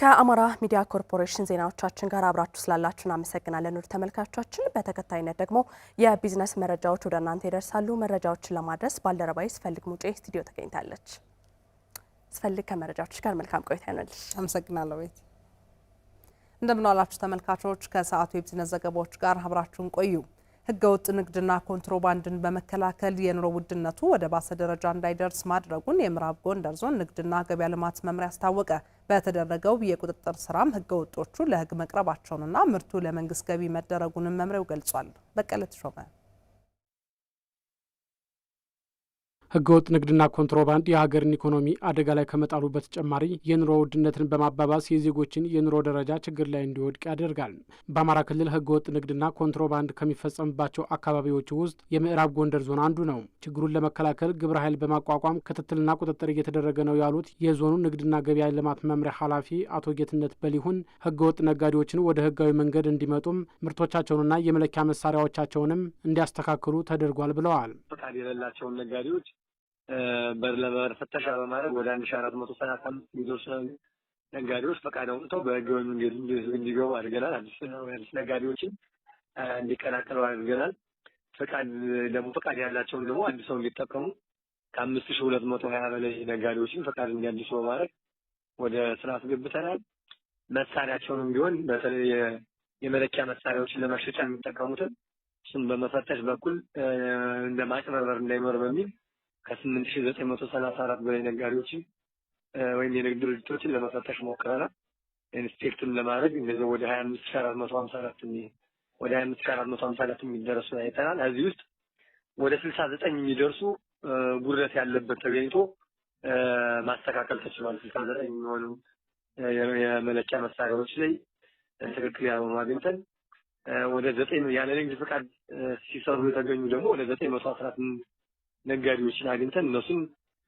ከአማራ ሚዲያ ኮርፖሬሽን ዜናዎቻችን ጋር አብራችሁ ስላላችሁ እናመሰግናለን። ውድ ተመልካቾቻችን፣ በተከታይነት ደግሞ የቢዝነስ መረጃዎች ወደ እናንተ ይደርሳሉ። መረጃዎችን ለማድረስ ባልደረባዬ ስፈልግ ሙጬ ስቱዲዮ ተገኝታለች። ስፈልግ፣ ከመረጃዎች ጋር መልካም ቆይታ ይሆናልሽ። አመሰግናለሁ ቤት። እንደምናላችሁ ተመልካቾች፣ ከሰዓቱ የቢዝነስ ዘገባዎች ጋር አብራችሁን ቆዩ። ህገወጥ ንግድና ኮንትሮባንድን በመከላከል የኑሮ ውድነቱ ወደ ባሰ ደረጃ እንዳይደርስ ማድረጉን የምዕራብ ጎንደር ዞን ንግድና ገበያ ልማት መምሪያ አስታወቀ። በተደረገው የቁጥጥር ስራም ህገወጦቹ ለህግ መቅረባቸውንና ምርቱ ለመንግስት ገቢ መደረጉንም መምሪያው ገልጿል። በቀለ ተሾመ ህገወጥ ንግድና ኮንትሮባንድ የሀገርን ኢኮኖሚ አደጋ ላይ ከመጣሉ በተጨማሪ የኑሮ ውድነትን በማባባስ የዜጎችን የኑሮ ደረጃ ችግር ላይ እንዲወድቅ ያደርጋል። በአማራ ክልል ህገወጥ ንግድና ኮንትሮባንድ ከሚፈጸምባቸው አካባቢዎች ውስጥ የምዕራብ ጎንደር ዞን አንዱ ነው። ችግሩን ለመከላከል ግብረ ኃይል በማቋቋም ክትትልና ቁጥጥር እየተደረገ ነው ያሉት የዞኑ ንግድና ገበያ ልማት መምሪያ ኃላፊ አቶ ጌትነት በሊሁን ህገወጥ ነጋዴዎችን ወደ ህጋዊ መንገድ እንዲመጡም ምርቶቻቸውንና የመለኪያ መሳሪያዎቻቸውንም እንዲያስተካክሉ ተደርጓል ብለዋል። ፈቃድ የሌላቸውን ነጋዴዎች በፍተሻ በማድረግ ወደ አንድ ሺ አራት መቶ ሰላሳ አምስት የተወሰኑ ነጋዴዎች ፈቃድ አውጥተው በህገ መንገድ እንዲገቡ አድርገናል። አዲስ ነጋዴዎችን እንዲቀላቀሉ አድርገናል። ፈቃድ ደግሞ ፈቃድ ያላቸውን ደግሞ ሰው እንዲጠቀሙ ከአምስት ሺ ሁለት መቶ ሀያ በላይ ነጋዴዎችን ፈቃድ እንዲያድሱ በማድረግ ወደ ስራ አስገብተናል። መሳሪያቸውንም ቢሆን በተለይ የመለኪያ መሳሪያዎችን ለመሸጫ የሚጠቀሙትን እሱን በመፈተሽ በኩል እንደ ማጭበርበር እንዳይኖር በሚል ከ8934 በላይ ነጋዴዎችን ወይም የንግድ ድርጅቶችን ለመፈተሽ ሞክረናል። ኢንስፔክትን ለማድረግ እንደዚህ ወደ ሀያ አምስት አራት መቶ ሀምሳ አራት ወደ ሀያ አምስት አራት መቶ ሀምሳ አራት የሚደረሱ አይተናል። ከዚህ ውስጥ ወደ ስልሳ ዘጠኝ የሚደርሱ ጉድለት ያለበት ተገኝቶ ማስተካከል ተችሏል። ስልሳ ዘጠኝ የሚሆኑ የመለኪያ መሳሪያዎች ላይ ትክክል ያልሆኑ አግኝተን ወደ ዘጠኝ ያለ ንግድ ፍቃድ ሲሰሩ የተገኙ ደግሞ ወደ ዘጠኝ መቶ አስራ ስምንት ነጋዴዎችን አግኝተን እነሱም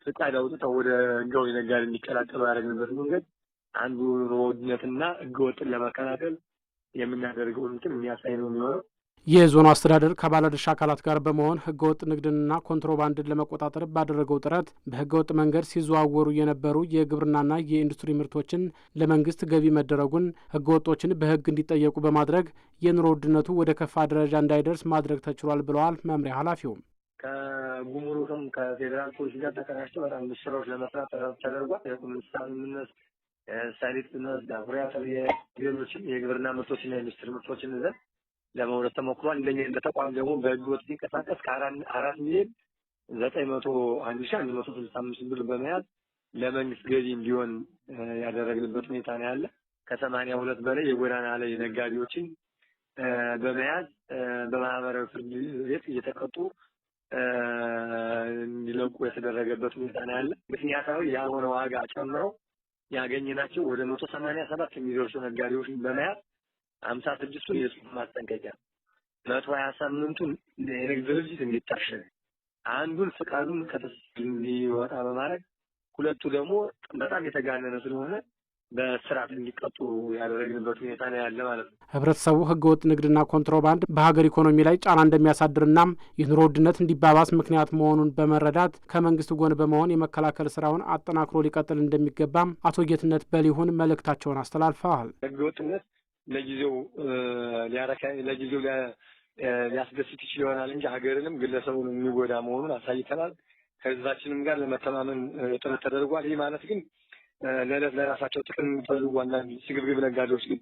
ፍቃድ አውጥተው ወደ ህጋዊ ነጋዴ እንዲቀላቀሉ ያደረግንበት መንገድ አንዱ ውድነትና ህገወጥን ለመከላከል የምናደርገው እንትን የሚያሳይ ነው የሚሆነው። የዞኑ አስተዳደር ከባለድርሻ አካላት ጋር በመሆን ህገወጥ ንግድንና ኮንትሮባንድን ለመቆጣጠር ባደረገው ጥረት በህገወጥ መንገድ ሲዘዋወሩ የነበሩ የግብርናና የኢንዱስትሪ ምርቶችን ለመንግስት ገቢ መደረጉን፣ ህገወጦችን በህግ እንዲጠየቁ በማድረግ የኑሮ ውድነቱ ወደ ከፋ ደረጃ እንዳይደርስ ማድረግ ተችሏል ብለዋል መምሪያ ኃላፊውም። ከጉምሩክም ከፌዴራል ፖሊስ ጋር ተቀናጅቶ በጣም ብዙ ስራዎች ለመስራት ጥረት ተደርጓል። የቁምንስሳን የምንወስድ ሳሊጥ ብንወስድ ተብየ ሌሎችም የግብርና ምርቶችና የኢንዱስትሪ ምርቶችን ይዘን ለመውረድ ተሞክሯል። እንደኛ እንደ ተቋም ደግሞ ወጥ ሲንቀሳቀስ ከአራት ሚሊዮን ዘጠኝ መቶ አንድ ሺ አንድ መቶ ስልሳ አምስት ብር በመያዝ ለመንግስት ገቢ እንዲሆን ያደረግንበት ሁኔታ ነው ያለ። ከሰማኒያ ሁለት በላይ የጎዳና ላይ ነጋዴዎችን በመያዝ በማህበራዊ ፍርድ ቤት እየተቀጡ እንዲለቁ የተደረገበት ሁኔታ ነው ያለ። ምክንያታዊ ያልሆነ ዋጋ ጨምሮ ያገኘናቸው ወደ መቶ ሰማንያ ሰባት የሚደርሱ ነጋዴዎችን በመያዝ አምሳ ስድስቱን የጽሁፍ ማስጠንቀቂያ መቶ ሀያ ሳምንቱን የንግድ ድርጅት እንዲታሸግ አንዱን ፍቃዱን ከተስ እንዲወጣ በማድረግ ሁለቱ ደግሞ በጣም የተጋነነ ስለሆነ በስርዓት እንዲቀጡ ያደረግንበት ሁኔታ ነው ያለ ማለት ነው። ህብረተሰቡ ህገወጥ ንግድና ኮንትሮባንድ በሀገር ኢኮኖሚ ላይ ጫና እንደሚያሳድርና የኑሮ ውድነት እንዲባባስ ምክንያት መሆኑን በመረዳት ከመንግስት ጎን በመሆን የመከላከል ስራውን አጠናክሮ ሊቀጥል እንደሚገባም አቶ ጌትነት በሊሁን መልእክታቸውን አስተላልፈዋል። ህገወጥነት ለጊዜው ሊያረካ ለጊዜው ሊያስደስት ይችል ይሆናል እንጂ ሀገርንም ግለሰቡን የሚጎዳ መሆኑን አሳይተናል። ከህዝባችንም ጋር ለመተማመን ጥረት ተደርጓል። ይህ ማለት ግን ለዕለት ለራሳቸው ጥቅም የሚፈልጉ ዋና ስግብግብ ነጋዴዎች ግን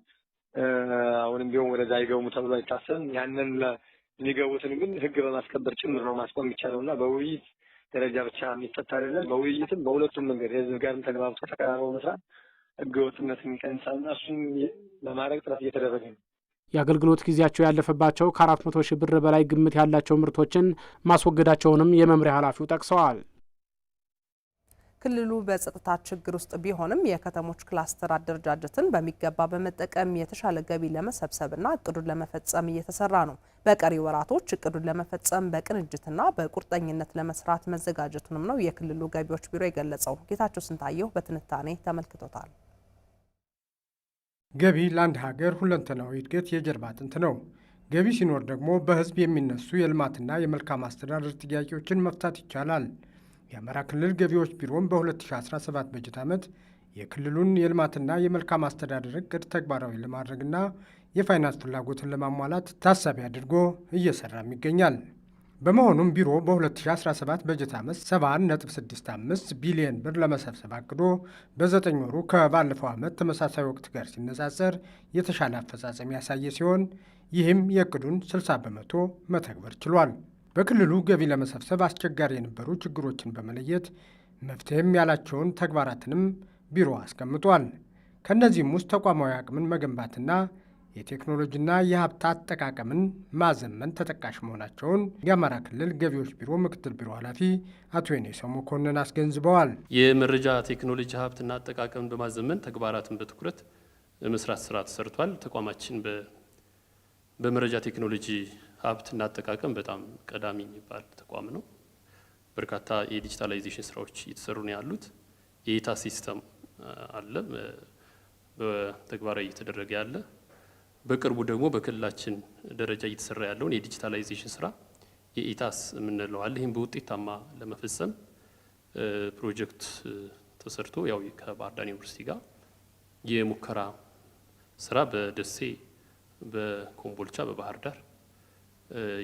አሁንም ቢሆን ወደዛ አይገቡም ተብሎ አይታሰብም። ያንን የሚገቡትን ግን ህግ በማስከበር ጭምር ነው ማስቆም የሚቻለው እና በውይይት ደረጃ ብቻ የሚፈታ አይደለም። በውይይትም በሁለቱም መንገድ የህዝብ ጋርም ተግባብቶ ተቀራርበው መስራት ህገወጥነትን ይቀንሳል እና እሱም ለማድረግ ጥረት እየተደረገ ነው። የአገልግሎት ጊዜያቸው ያለፈባቸው ከአራት መቶ ሺህ ብር በላይ ግምት ያላቸው ምርቶችን ማስወገዳቸውንም የመምሪያ ኃላፊው ጠቅሰዋል። ክልሉ በጸጥታ ችግር ውስጥ ቢሆንም የከተሞች ክላስተር አደረጃጀትን በሚገባ በመጠቀም የተሻለ ገቢ ለመሰብሰብና እቅዱን ለመፈጸም እየተሰራ ነው። በቀሪ ወራቶች እቅዱን ለመፈጸም በቅንጅትና በቁርጠኝነት ለመስራት መዘጋጀቱንም ነው የክልሉ ገቢዎች ቢሮ የገለጸው። ጌታቸው ስንታየሁ በትንታኔ ተመልክቶታል። ገቢ ለአንድ ሀገር ሁለንተናዊ እድገት የጀርባ አጥንት ነው። ገቢ ሲኖር ደግሞ በህዝብ የሚነሱ የልማትና የመልካም አስተዳደር ጥያቄዎችን መፍታት ይቻላል። የአማራ ክልል ገቢዎች ቢሮም በ2017 በጀት ዓመት የክልሉን የልማትና የመልካም አስተዳደር እቅድ ተግባራዊ ለማድረግና የፋይናንስ ፍላጎትን ለማሟላት ታሳቢ አድርጎ እየሰራም ይገኛል። በመሆኑም ቢሮ በ2017 በጀት ዓመት 7.65 ቢሊዮን ብር ለመሰብሰብ አቅዶ በዘጠኝ ወሩ ከባለፈው ዓመት ተመሳሳይ ወቅት ጋር ሲነጻጸር የተሻለ አፈጻጸም ያሳየ ሲሆን ይህም የእቅዱን 60 በመቶ መተግበር ችሏል። በክልሉ ገቢ ለመሰብሰብ አስቸጋሪ የነበሩ ችግሮችን በመለየት መፍትሄም ያላቸውን ተግባራትንም ቢሮ አስቀምጧል። ከእነዚህም ውስጥ ተቋማዊ አቅምን መገንባትና የቴክኖሎጂና የሀብት አጠቃቀምን ማዘመን ተጠቃሽ መሆናቸውን የአማራ ክልል ገቢዎች ቢሮ ምክትል ቢሮ ኃላፊ አቶ የኔሰው መኮንን አስገንዝበዋል። የመረጃ ቴክኖሎጂ ሀብትና አጠቃቀምን በማዘመን ተግባራትን በትኩረት መስራት ስራ ተሰርቷል። ተቋማችን በመረጃ ቴክኖሎጂ ሀብትና አጠቃቀም በጣም ቀዳሚ የሚባል ተቋም ነው። በርካታ የዲጂታላይዜሽን ስራዎች እየተሰሩ ነው ያሉት። የኢታ ሲስተም አለ በተግባራዊ እየተደረገ ያለ። በቅርቡ ደግሞ በክልላችን ደረጃ እየተሰራ ያለውን የዲጂታላይዜሽን ስራ የኢታስ የምንለው አለ። ይህም በውጤታማ ለመፈጸም ፕሮጀክት ተሰርቶ ያው ከባህር ዳር ዩኒቨርሲቲ ጋር የሙከራ ስራ በደሴ፣ በኮምቦልቻ፣ በባህር ዳር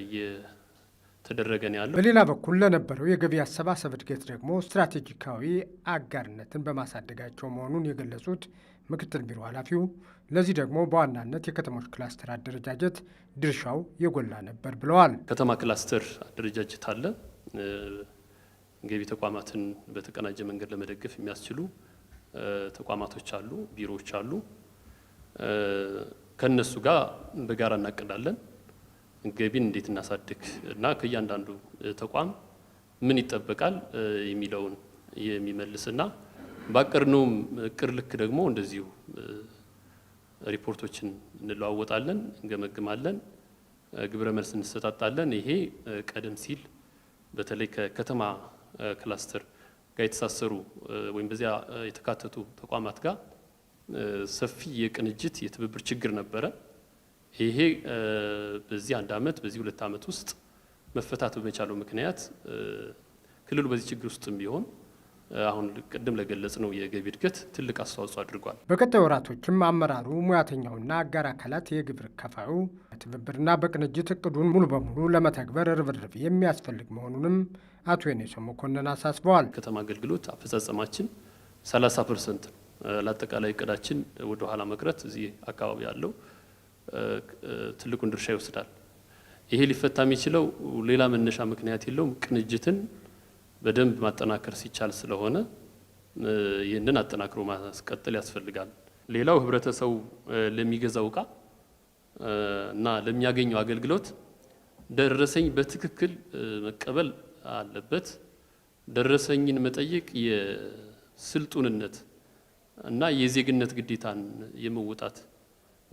እየተደረገ ነው ያለው። በሌላ በኩል ለነበረው የገቢ አሰባሰብ እድገት ደግሞ ስትራቴጂካዊ አጋርነትን በማሳደጋቸው መሆኑን የገለጹት ምክትል ቢሮ ኃላፊው ለዚህ ደግሞ በዋናነት የከተሞች ክላስተር አደረጃጀት ድርሻው የጎላ ነበር ብለዋል። ከተማ ክላስተር አደረጃጀት አለ። ገቢ ተቋማትን በተቀናጀ መንገድ ለመደገፍ የሚያስችሉ ተቋማቶች አሉ፣ ቢሮዎች አሉ። ከነሱ ጋር በጋራ እናቅዳለን። ገቢን እንዴት እናሳድግ እና ከእያንዳንዱ ተቋም ምን ይጠበቃል የሚለውን የሚመልስና ባቀድነውም እቅድ ልክ ደግሞ እንደዚሁ ሪፖርቶችን እንለዋወጣለን፣ እንገመግማለን፣ ግብረ መልስ እንሰጣጣለን። ይሄ ቀደም ሲል በተለይ ከከተማ ክላስተር ጋር የተሳሰሩ ወይም በዚያ የተካተቱ ተቋማት ጋር ሰፊ የቅንጅት የትብብር ችግር ነበረ። ይሄ በዚህ አንድ ዓመት በዚህ ሁለት ዓመት ውስጥ መፈታት በመቻለው ምክንያት ክልሉ በዚህ ችግር ውስጥም ቢሆን አሁን ቅድም ለገለጽ ነው የገቢ እድገት ትልቅ አስተዋጽኦ አድርጓል። በቀጣይ ወራቶችም አመራሩ፣ ሙያተኛውና አጋር አካላት የግብር ከፋዩ በትብብርና በቅንጅት እቅዱን ሙሉ በሙሉ ለመተግበር ርብርብ የሚያስፈልግ መሆኑንም አቶ የኔሶ መኮንን አሳስበዋል። ከተማ አገልግሎት አፈጻጸማችን 30 ፐርሰንት ነው። ለአጠቃላይ እቅዳችን ወደኋላ መቅረት እዚህ አካባቢ ያለው ትልቁን ድርሻ ይወስዳል። ይሄ ሊፈታ የሚችለው ሌላ መነሻ ምክንያት የለውም፣ ቅንጅትን በደንብ ማጠናከር ሲቻል ስለሆነ ይህንን አጠናክሮ ማስቀጠል ያስፈልጋል። ሌላው ህብረተሰቡ ለሚገዛው እቃ እና ለሚያገኘው አገልግሎት ደረሰኝ በትክክል መቀበል አለበት። ደረሰኝን መጠየቅ የስልጡንነት እና የዜግነት ግዴታን የመወጣት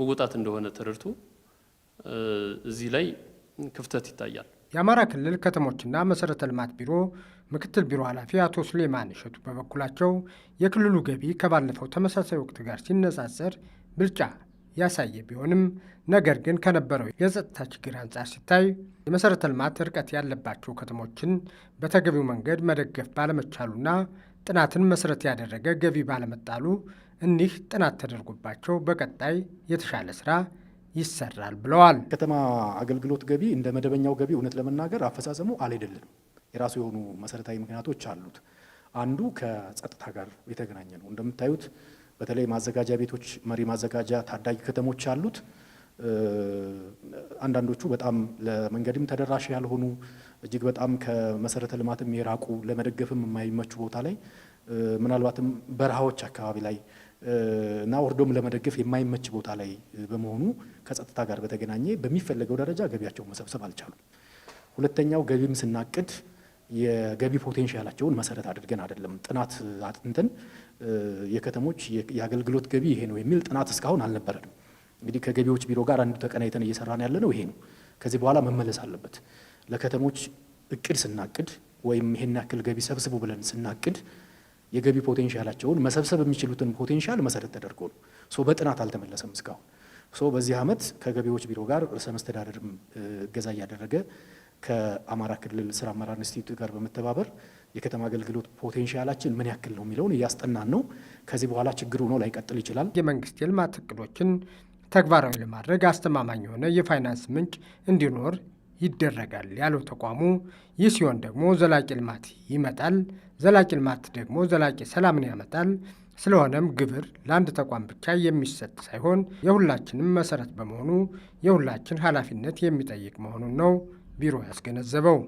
መወጣት እንደሆነ ተረድቶ እዚህ ላይ ክፍተት ይታያል። የአማራ ክልል ከተሞችና መሰረተ ልማት ቢሮ ምክትል ቢሮ ኃላፊ አቶ ሱሌማን እሸቱ በበኩላቸው የክልሉ ገቢ ከባለፈው ተመሳሳይ ወቅት ጋር ሲነጻጸር ብልጫ ያሳየ ቢሆንም ነገር ግን ከነበረው የጸጥታ ችግር አንጻር ሲታይ የመሰረተ ልማት እርቀት ያለባቸው ከተሞችን በተገቢው መንገድ መደገፍ ባለመቻሉና ጥናትን መሰረት ያደረገ ገቢ ባለመጣሉ እኒህ ጥናት ተደርጎባቸው በቀጣይ የተሻለ ስራ ይሰራል ብለዋል። ከተማ አገልግሎት ገቢ እንደ መደበኛው ገቢ እውነት ለመናገር አፈጻጸሙ አልሄደልንም። የራሱ የሆኑ መሰረታዊ ምክንያቶች አሉት። አንዱ ከጸጥታ ጋር የተገናኘ ነው። እንደምታዩት በተለይ ማዘጋጃ ቤቶች መሪ ማዘጋጃ ታዳጊ ከተሞች አሉት። አንዳንዶቹ በጣም ለመንገድም ተደራሽ ያልሆኑ እጅግ በጣም ከመሰረተ ልማትም የራቁ ለመደገፍም የማይመቹ ቦታ ላይ ምናልባትም በረሃዎች አካባቢ ላይ እና ወርዶም ለመደገፍ የማይመች ቦታ ላይ በመሆኑ ከጸጥታ ጋር በተገናኘ በሚፈለገው ደረጃ ገቢያቸውን መሰብሰብ አልቻሉም። ሁለተኛው ገቢም ስናቅድ የገቢ ፖቴንሻላቸውን መሰረት አድርገን አይደለም። ጥናት አጥንተን የከተሞች የአገልግሎት ገቢ ይሄ ነው የሚል ጥናት እስካሁን አልነበረንም። እንግዲህ ከገቢዎች ቢሮ ጋር አንዱ ተቀናይተን እየሰራን ያለ ነው ይሄ ነው። ከዚህ በኋላ መመለስ አለበት። ለከተሞች እቅድ ስናቅድ ወይም ይሄን ያክል ገቢ ሰብስቡ ብለን ስናቅድ የገቢ ፖቴንሻላቸውን መሰብሰብ የሚችሉትን ፖቴንሻል መሰረት ተደርጎ ነው። ሶ በጥናት አልተመለሰም እስካሁን። ሶ በዚህ ዓመት ከገቢዎች ቢሮ ጋር ርዕሰ መስተዳደርም እገዛ እያደረገ ከአማራ ክልል ስራ አመራር ኢንስቲትዩት ጋር በመተባበር የከተማ አገልግሎት ፖቴንሻላችን ምን ያክል ነው የሚለውን እያስጠናን ነው። ከዚህ በኋላ ችግሩ ነው ላይቀጥል ይችላል። የመንግስት የልማት እቅዶችን ተግባራዊ ለማድረግ አስተማማኝ የሆነ የፋይናንስ ምንጭ እንዲኖር ይደረጋል ያለው ተቋሙ፣ ይህ ሲሆን ደግሞ ዘላቂ ልማት ይመጣል። ዘላቂ ልማት ደግሞ ዘላቂ ሰላምን ያመጣል። ስለሆነም ግብር ለአንድ ተቋም ብቻ የሚሰጥ ሳይሆን የሁላችንም መሰረት በመሆኑ የሁላችን ኃላፊነት የሚጠይቅ መሆኑን ነው ቢሮ ያስገነዘበው።